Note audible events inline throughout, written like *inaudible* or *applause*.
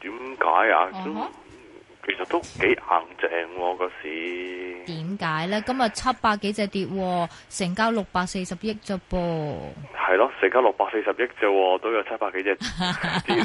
點解啊？嗯 uh-huh. 其實都幾硬淨、啊、個市。點解咧？今日七百幾隻跌、啊，成交六百四十億啫噃。係咯，成交六百四十億啫，都有七百幾隻跌。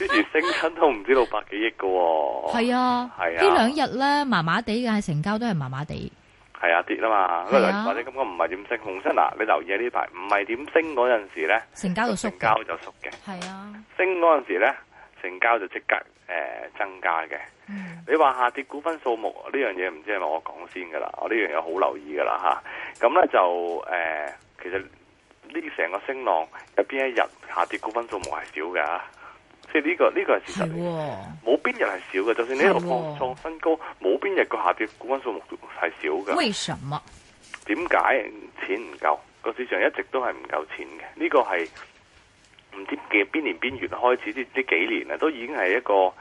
跟住升親都唔知六百幾億嘅。係啊，係 *laughs* 啊。係啊係啊，呢兩日呢兩日咧，麻麻地嘅，係成交都係麻麻地。係啊，跌啊嘛啊嘛。或者咁講唔係點升，紅色嗱，你留意下唔係點升時呢排，唔係點升嗰陣時咧，成交縮就縮，成交就縮嘅。係啊，升嗰陣時咧。成交就即刻誒、呃、增加嘅、嗯。你話下跌股份數目呢樣嘢唔知係咪我講先嘅啦？我呢樣嘢好留意嘅啦嚇。咁咧就誒、呃，其實呢成個升浪有邊一日下跌股份數目係少嘅？即係呢個呢、呢個係事實嚟。冇邊日係少嘅，就算你一路破創新高，冇邊日個下跌股份數目係少嘅。為什麼？點解錢唔夠？個市場一直都係唔夠錢嘅。呢、呢個係。唔知幾邊年邊月開始，呢呢幾年啊，都已經係一個誒誒、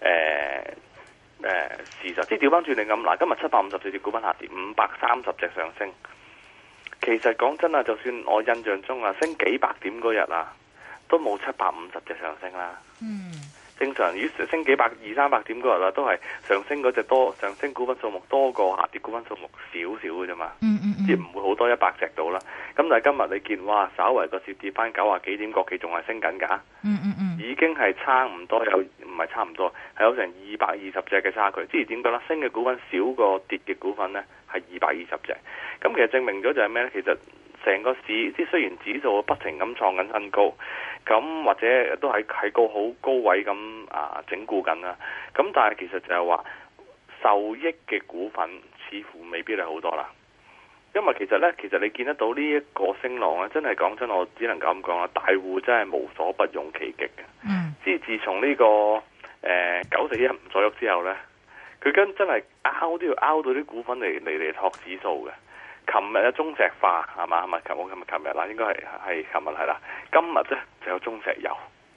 呃呃、事實。即係調翻轉嚟咁，嗱，今日七百五十隻隻股份下跌，五百三十隻上升。其實講真啊，就算我印象中啊，升幾百點嗰日啊，都冇七百五十隻上升啦。嗯。正常，如升幾百二三百點嗰日啦，都係上升嗰隻多，上升股份數目多過下跌股份數目少少嘅啫嘛。嗯嗯即唔、嗯、會好多一百隻到啦。咁但係今日你見哇，稍為個市跌翻九啊幾點，國企仲係升緊㗎。嗯嗯嗯，已經係差唔多，多，有唔係差唔多，係有成二百二十隻嘅差距。即係點解啦升嘅股份少過跌嘅股份咧，係二百二十隻。咁其實證明咗就係咩咧？其實成個市，即雖然指數不停咁創緊新高。咁或者都喺喺個好高位咁啊整固緊啦。咁但係其實就係話受益嘅股份似乎未必係好多啦。因為其實呢，其實你見得到呢一個升浪呢真係講真，我只能夠咁講啦。大戶真係無所不用其極嘅。嗯。即係自從呢、這個誒、呃、九四一唔再喐之後呢，佢跟真係拗都要拗到啲股份嚟嚟嚟托指數嘅。琴日啊，中石化係嘛係咪？我今日、琴日啦，應該係係琴日係啦。今日咧就有中石油。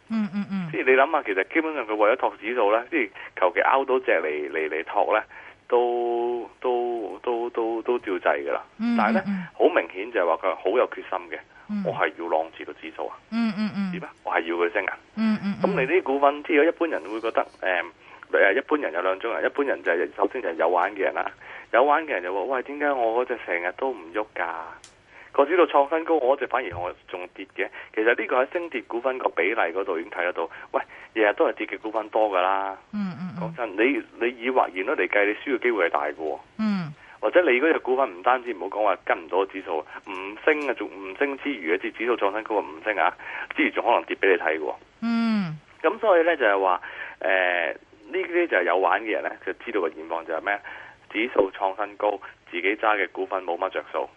嗯嗯嗯。即係你諗下，其實基本上佢為咗托指數咧，即係求其拗到隻嚟嚟嚟托咧，都都都都都掉制噶啦、嗯。但係咧，好、嗯、明顯就係話佢好有決心嘅、嗯。我係要浪住個指數啊！嗯嗯嗯。點啊？我係要佢升啊！嗯嗯。咁你呢啲股份，即係一般人會覺得，誒、嗯、誒，一般人有兩種人，一般人就係、是、首先就係有玩嘅人啦、啊。有玩嘅人就話：，喂，點解我嗰隻成日都唔喐噶？我指數創新高，我隻反而我仲跌嘅。其實呢個喺升跌股份個比例嗰度已經睇得到。喂，日日都係跌嘅股份多噶啦。嗯嗯講真，你你以或然率嚟計，你輸嘅機會係大嘅。嗯。或者你嗰隻股份唔單止唔好講話跟唔到指數，唔升啊，仲唔升之餘，一啲指數創新高唔升啊，之餘仲可能跌俾你睇嘅。嗯。咁所以咧就係話，誒、呃，呢啲就係有玩嘅人咧，就知道嘅現況就係咩？指數創新高，自己揸嘅股份冇乜着數，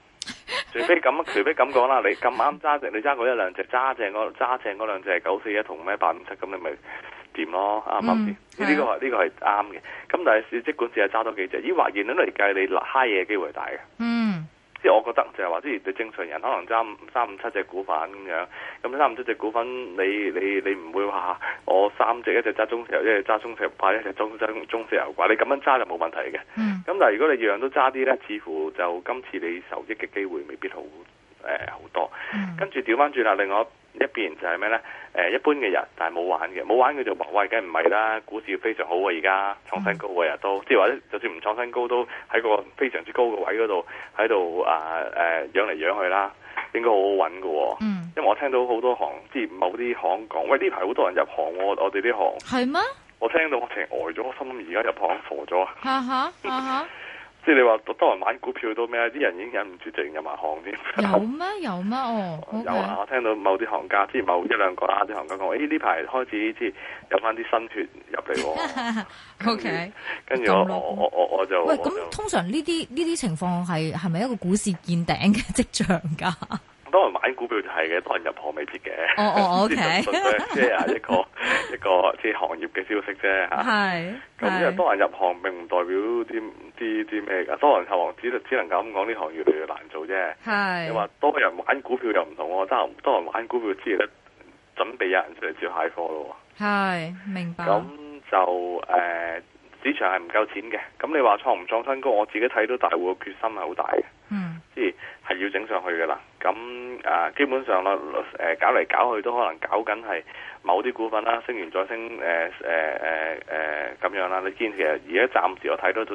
除非咁，除非咁講啦。你咁啱揸正，你揸過一兩隻揸正嗰揸正兩隻係九四一同咩八五七咁，94, 8, 5, 7, 你咪掂咯啱唔啱先？呢個呢個係啱嘅。咁但係，即管只係揸多幾隻，以或然率嚟計，你嗨嘢機會大嘅。嗯，即係、這個嗯、我覺得就係話，即係正常人可能揸三五七隻股份咁樣，咁三五七隻股份，你你你唔會話我三隻一隻揸中石油，油，油，一隻揸中石油，一隻中中石油，你咁樣揸就冇問題嘅。嗯咁但係如果你一樣都揸啲咧，似乎就今次你受益嘅機會未必好，好、呃、多。嗯、跟住調翻轉啦，另外一邊就係咩咧？一般嘅人，但係冇玩嘅，冇玩嘅就話：喂，梗係唔係啦？股市非常好喎，而家創新高位日都即係話，嗯、或者就算唔創新高都喺個非常之高嘅位嗰度喺度啊誒，養嚟養去啦，應該好好穩嘅。嗯，因為我聽到好多行，即係某啲行講：喂，呢排好多人入行喎、啊，我哋呢行係咩？我聽到我成呆咗，我心諗而家入行傻咗，哈哈哈哈，即係你話多多人買股票都咩？啲人已經忍唔住，突入埋行添。有咩？有咩？哦！Okay. 有啊！我聽到某啲行家，即係某一兩個啦啲行家講：，誒呢排開始即係有翻啲新血入嚟。 *laughs* OK。跟住我我我我我就喂，咁通常呢啲呢啲情況係係咪一個股市見頂嘅跡象㗎？ *laughs* 多人玩股票就係嘅，多人入行未必嘅。哦哦，O K，即係即一個 *laughs* 一個即係行業嘅消息啫嚇。係、 *laughs* 嗯。咁因為多人入行並唔代表啲啲啲咩噶，多人入行只只能夠咁講，呢行越嚟越難做啫。係。你話多人玩股票又唔同喎，多人多人玩股票之後就準備有人出嚟接蟹貨咯喎。明白。咁就誒、呃，市場係唔夠錢嘅。咁你話創唔創新高，我自己睇到大戶嘅決心係好大嘅。嗯。即係係要整上去噶啦。咁啊，基本上啦，誒搞嚟搞去都可能搞緊係某啲股份啦，升完再升，誒誒誒咁樣啦。你見其實而家暫時我睇到到，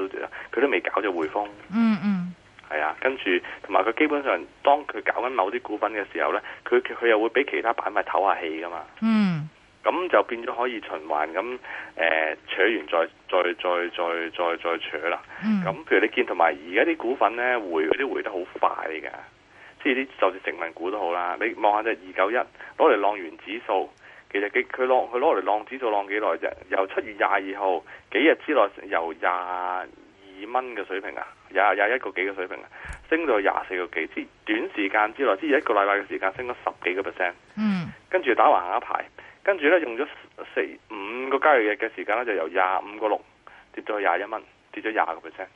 佢都未搞咗匯豐。嗯嗯。係啊，跟住同埋佢基本上，當佢搞緊某啲股份嘅時候咧，佢佢又會俾其他板塊唞下氣噶嘛。嗯。咁就變咗可以循環咁誒，扯完再再再再再再扯啦。嗯。咁譬如你見同埋而家啲股份咧，回啲回得好快嘅。即係啲，就算成分股都好啦。你望下隻二九一看，攞嚟浪完指數，其實佢佢浪佢攞嚟浪指數浪幾耐啫？由七月廿二號幾日之內，由廿二蚊嘅水平啊，廿廿一個幾嘅水平啊，升到廿四個幾，即係短時間之內，即係一個禮拜嘅時間，升咗十幾個 percent。嗯，跟住打橫行一排，跟住咧用咗四五個交易日嘅時間咧，就由廿五個六跌到去廿一蚊，跌咗廿個 percent。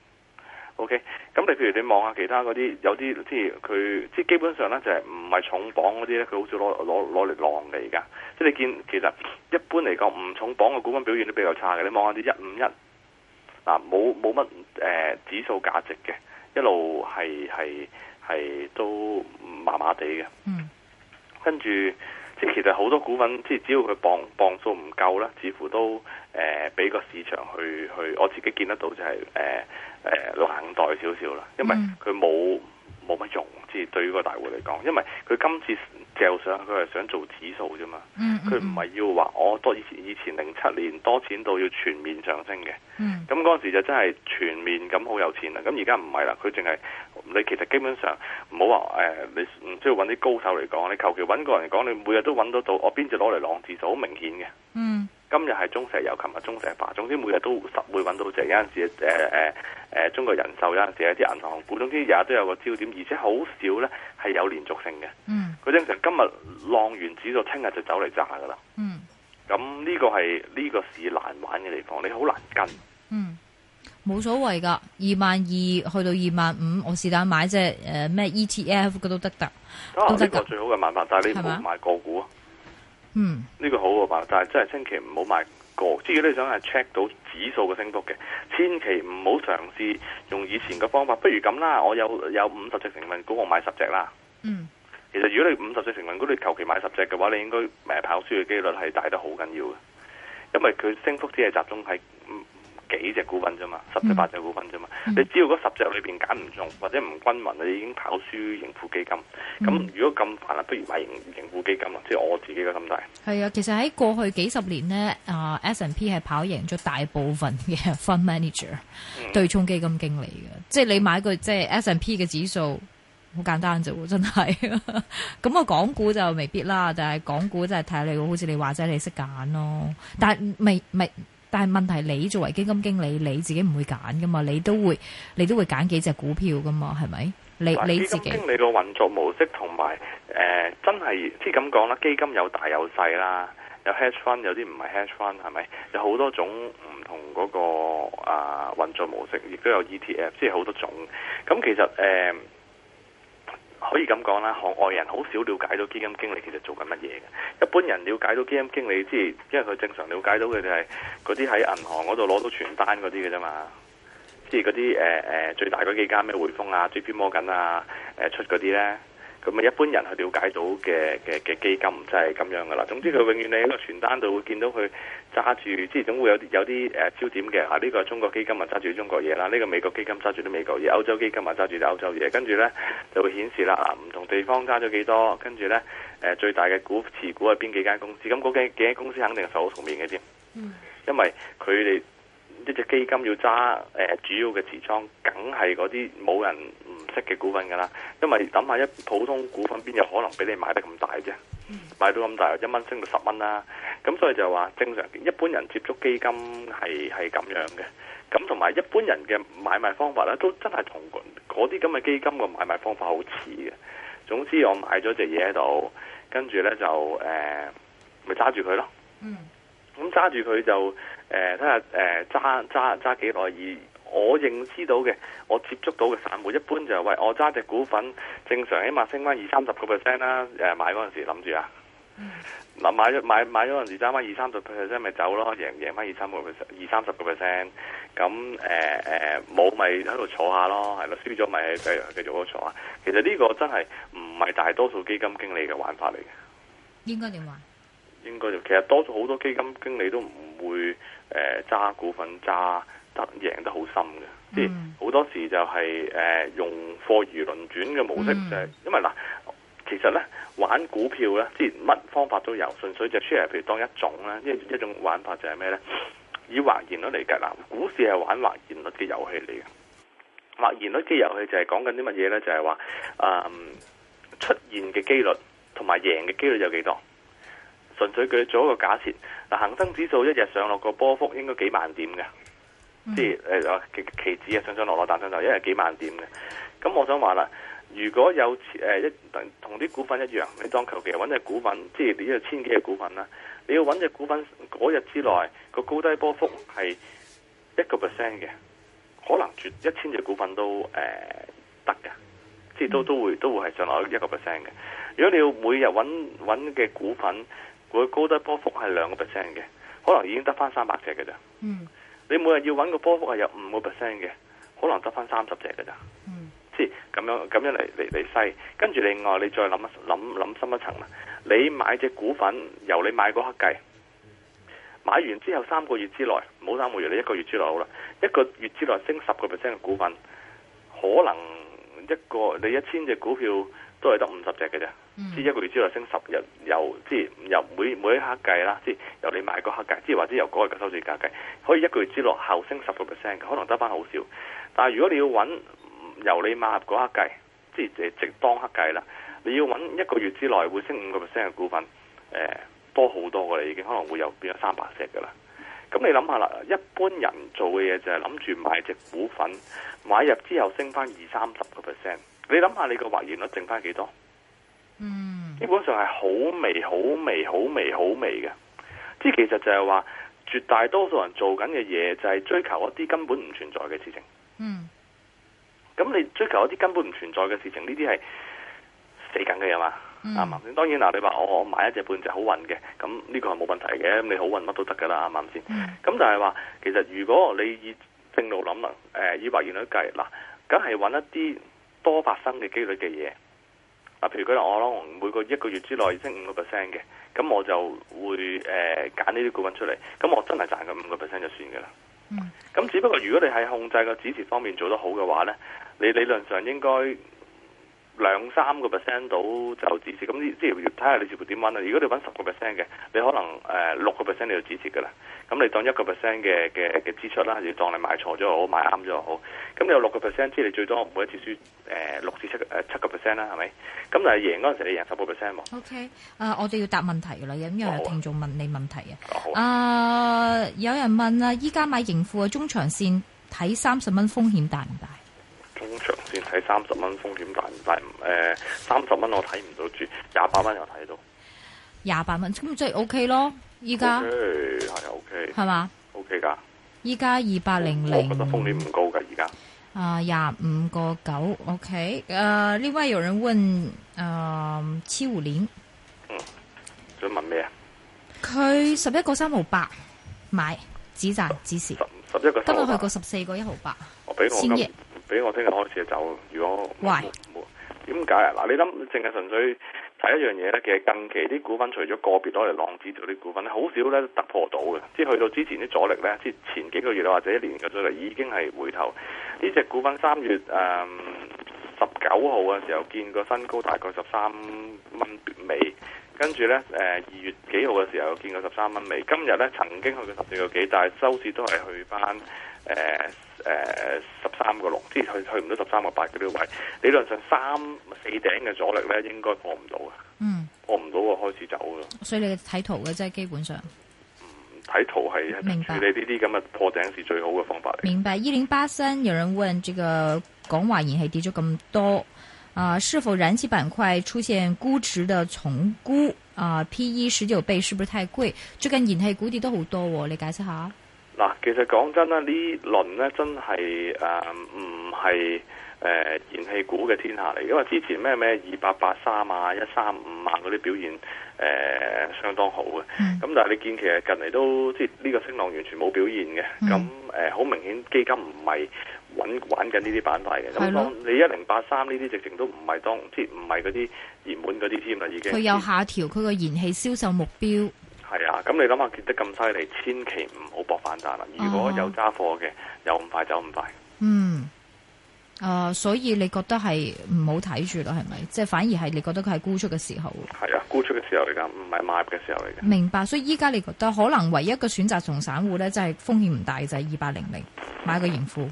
O.K. 咁你譬如你望下其他嗰啲，有啲即係佢即係基本上咧，就係唔係重磅嗰啲咧，佢好少攞攞攞嚟浪嘅。而家即係你見，其實一般嚟講唔重磅嘅股份表現都比較差嘅，你望下啲一五一啊，冇冇乜誒指數價值嘅一路係係係都麻麻地嘅，嗯，跟住。即係其實好多股份，即係只要佢磅磅數唔夠啦，似乎都誒俾、呃、個市場去去，我自己見得到就係誒誒冷淡少少啦，因為佢冇冇乜用，即係對於個大戶嚟講，因為佢今次就上佢係想做指數啫嘛，佢唔係要話我多以前以前零七年多錢到要全面上升嘅，咁、嗯、嗰、嗯、時就真係全面咁好有錢啦，咁而家唔係啦，佢淨係。你其實基本上唔好話誒，你即係揾啲高手嚟講，你求其揾個人嚟講，你每日都揾得到，我邊隻攞嚟浪字就好明顯嘅。嗯，今日係中石油，琴日中石化，總之每日都實會揾到隻，有陣時誒誒誒中國人壽，有陣時有啲銀行股，總之日日都有個焦點，而且好少咧係有連續性嘅。嗯，佢正常今日浪完指數，聽日就走嚟炸㗎啦。嗯，咁呢個係呢、呢個市難玩嘅地方，你好難跟。嗯。冇所謂噶，二萬二去到二萬五，我是但買隻誒咩 ETF 嘅都得得，都得噶。啊這個，最好嘅辦法，但係你唔好買個股。嗯，呢，這個好嘅辦法，但係真係千祈唔好買個。如果你想係 check 到指數嘅升幅嘅，千祈唔好嘗試用以前嘅方法。不如咁啦，我有有五十隻成分股，我買十隻啦。嗯，其實如果你五十隻成分股，你求其買十隻嘅話，你應該誒跑輸嘅幾率係大得好緊要嘅，因為佢升幅只係集中喺。幾隻股份啫嘛，十隻八隻股份啫嘛，嗯，你只要嗰十隻裏邊揀唔中或者唔均勻，你已經跑輸盈富基金。咁如果咁煩啊，不如買盈盈富基金啊，即係我自己嘅心態。係啊，其實喺過去幾十年咧，啊、呃、S&P 係跑贏咗大部分嘅 fund manager，嗯，對沖基金的經理嘅。即係你買個即係 S&P 嘅指數，好簡單啫，真係。咁啊，港股就未必啦，但係港股就係睇下你，好似你話啫，你識揀咯。但係未未。嗯，不不但係問題，你作為基金經理，你自己唔會揀噶嘛？你都會，你都會揀幾隻股票噶嘛？係咪？你你自己基金經理個運作模式同埋誒，真係即係咁講啦。基金有大有細啦，有 hedge fund，有啲唔係 hedge fund，係咪？有好多種唔同嗰個啊、呃、運作模式，亦都有 ETF，即係好多種。咁其實誒。呃可以咁講啦，行外人好少了解到基金經理其實做緊乜嘢嘅。一般人了解到基金經理，即係因為佢正常了解到嘅就係嗰啲喺銀行嗰度攞到傳單嗰啲嘅啫嘛，即係嗰啲誒誒最大嗰幾間咩匯豐啊、JP 摩根啊誒出嗰啲咧。咁啊，一般人去了解到嘅嘅嘅基金就係咁樣噶啦。總之佢永遠你喺個傳單度會見到佢揸住，即係總會有有啲誒、呃、焦點嘅。啊，呢、這個中國基金啊揸住中國嘢啦，呢、這個美國基金揸住啲美國嘢，歐洲基金啊揸住啲歐洲嘢。跟住咧就會顯示啦，唔、啊、同地方揸咗幾多，跟住咧誒最大嘅股持股係邊幾間公司？咁嗰幾幾間公司肯定係受好重面嘅啫。嗯，因為佢哋一隻基金要揸誒、呃、主要嘅持倉，梗係嗰啲冇人。識嘅股份噶啦，因為諗下一普通股份邊有可能俾你買得咁大啫，買到咁大一蚊升到十蚊啦，咁所以就話正常一般人接觸基金係係咁樣嘅，咁同埋一般人嘅買賣方法咧，都真係同嗰啲咁嘅基金嘅買賣方法好似嘅。總之我買咗隻嘢喺度，跟住咧就誒，咪揸住佢咯。嗯，咁揸住佢就誒睇下誒揸揸揸幾耐而。看看呃我認知到嘅，我接觸到嘅散戶一般就係、是、喂，我揸隻股份正常，起碼升翻二三十個 percent 啦。誒買嗰陣時諗住啊，嗱買咗、啊嗯、買買咗嗰陣時揸翻二三十 percent 咪走咯，贏贏翻二三十個 percent，二三十個 percent。咁誒誒冇咪喺度坐下咯，係咯，輸咗咪繼續繼續嗰度坐。其實呢個真係唔係大多數基金經理嘅玩法嚟嘅。應該點話？應該就其實多數好多基金經理都唔會誒揸、呃、股份揸。贏得好深嘅，即係好多時就係、是、誒、呃、用貨如輪轉嘅模式、就是，就、嗯、係因為嗱，其實咧玩股票咧，即係乜方法都有，純粹就 share，譬如當一種啦，一種一種玩法就係咩咧？以或然率嚟計，嗱，股市係玩或然率嘅遊戲嚟嘅，或然率嘅遊戲就係講緊啲乜嘢咧？就係話誒出現嘅幾率同埋贏嘅幾率有幾多？純粹佢做一個假設，嗱，恒生指數一日上落個波幅應該幾萬點嘅。即係誒，期期指啊，上上落落，但上就一係幾萬點嘅。咁我想話啦，如果有誒一同啲股份一樣，你當求其揾隻股份，即係，嗯嗯，你有千幾隻股份啦，你要揾隻股份嗰日之內個高低波幅係一個 percent 嘅，可能絕一千隻股份都誒得嘅，即係都都會都會係上落一個 percent 嘅。如果你要每日揾揾嘅股份，佢高低波幅係兩個 percent 嘅，可能已經得翻三百隻嘅咋。嗯。你每日要揾個波幅係有五個 percent 嘅，可能得翻三十隻嘅咋？即、嗯、咁樣咁樣嚟嚟嚟細，跟住另外你再諗一諗諗深一層啦。你買隻股份，由你買嗰刻計，買完之後三個月之內，唔好三個月，你一個月之內好啦，一個月之內升十個 percent 嘅股份，可能一個你一千隻股票都係得五十隻嘅咋？知、嗯、一個月之內升十日，由即係由，由每每一刻計啦，即係由你買個刻計，即係或者由嗰日嘅收市價計，可以一個月之內後升十個 percent，可能得翻好少。但係如果你要揾由你買入嗰刻計，即係即當刻計啦，你要揾一個月之內會升五個 percent 嘅股份，誒、呃、多好多㗎啦，已經可能會有變咗三百隻㗎啦。咁你諗下啦，一般人做嘅嘢就係諗住買隻股份買入之後升翻二三十個 percent，你諗下你個還原率剩翻幾多？嗯，基本上係好微、好微、好微、好微嘅，即係其實就係話，絕大多數人做緊嘅嘢就係追求一啲根本唔存在嘅事情。嗯，咁你追求一啲根本唔存在嘅事情，呢啲係死梗嘅吖嘛？啱唔啱先？當然嗱，你話我我買一隻半隻好運嘅，咁呢個係冇問題嘅，你好運乜都得噶啦，啱唔啱先？咁就係話，其實如果你以正路諗，誒以埋原嚟計，嗱，梗係揾一啲多發生嘅幾率嘅嘢。嗱，譬如嗰日我咯，每個一個月之內升五個 percent 嘅，咁我就會誒揀呢啲股份出嚟，咁我真係賺緊五個 percent 就算嘅啦。咁只不過如果你係控制個止蝕方面做得好嘅話呢，你理論上應該兩三個 percent 到就止蝕。咁呢，即係要睇下你是否點揾啦。如果你揾十個 percent 嘅，你可能誒六個 percent 你就止蝕嘅啦。咁你當一個 percent 嘅嘅嘅支出啦，或者當你買錯咗又好，買啱咗又好。咁你有六個 percent，即你最多每一次輸誒六、呃、至七誒七個 percent 啦，係咪？咁但係贏嗰陣時，你贏十個 percent 喎。O K，啊，我哋要答問題㗎喇，因為有聽眾問你問題啊。啊、哦呃，有人問啊，依家買盈富嘅中長線睇三十蚊風險大唔大？中長線睇三十蚊風險大唔大？誒、呃，三十蚊我睇唔到住，廿八蚊又睇到。廿八蚊咁即係 O K 咯。依家，係 OK，係嘛？OK 噶，依家二八零零，280... 我覺得風險唔高噶，而家啊廿五個九 OK，誒，呢位有人問誒、uh, 七五鏈嗯，想問咩啊？佢十一個三毫八買，止賺止蝕，十時十一個三毫八，今日去過十四個一毫八，我俾我今日，俾我聽日開始就走，如果，喂，點解啊？嗱，你諗淨係純粹。第一樣嘢咧，其實近期啲股份除咗個別攞嚟浪止條啲股份咧，好少咧突破到嘅。即係去到之前啲阻力咧，即前幾個月或者一年嘅阻力已經係回頭。呢隻股份三月誒十九號嘅時候見過新高大概十三蚊尾，跟住咧誒二月幾號嘅時候見過十三蚊尾。今日咧曾經去到十四個幾，但係收市都係去翻。誒、呃、誒、呃、十三個六，即係去去唔到十三個八呢個位，理論上三四頂嘅阻力咧，應該破唔到嘅。嗯，破唔到我開始走咯。所以你睇圖嘅即係，基本上，睇圖係處理你呢啲咁嘅破頂，是最好嘅方法嚟。明白。一零八三有人問：這個港華燃氣跌咗咁多啊，呃，是否燃氣板塊出現估值嘅重估啊？P E 十九倍是不是太貴？最近燃氣股跌都好多，哦，你解釋下。嗱，其實講真啦，呢輪呢輪呢真係誒唔係誒燃氣股嘅天下嚟，因為之前咩咩二八八三啊、一三五萬嗰啲表現誒、呃、相當好嘅，咁、嗯、但係你見其實近嚟都即係呢、呢個升浪完全冇表現嘅，咁誒好明顯基金唔係搵玩緊呢啲板塊嘅，咁當你一零八三呢啲直情都唔係當即唔係嗰啲熱門嗰啲添啦已經。佢有下調佢個燃氣銷售目標。係啊，咁你諗下跌得咁犀利，千祈唔好搏反彈啦。如果有揸貨嘅，有咁快走咁快。嗯，啊、呃，所以你覺得係唔好睇住咯，係咪？即係反而係你覺得佢係沽出嘅時候。係啊，沽出嘅時候嚟噶，唔係買嘅時候嚟嘅。明白。所以依家你覺得可能唯一嘅選選擇從散戶咧，就係風險唔大，就係二八零零買個盈富。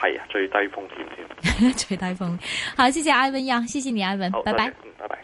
係啊，最低風險先！ *laughs* 最低風險。好，謝謝艾文啊！謝謝你，艾文，拜拜，謝謝拜拜。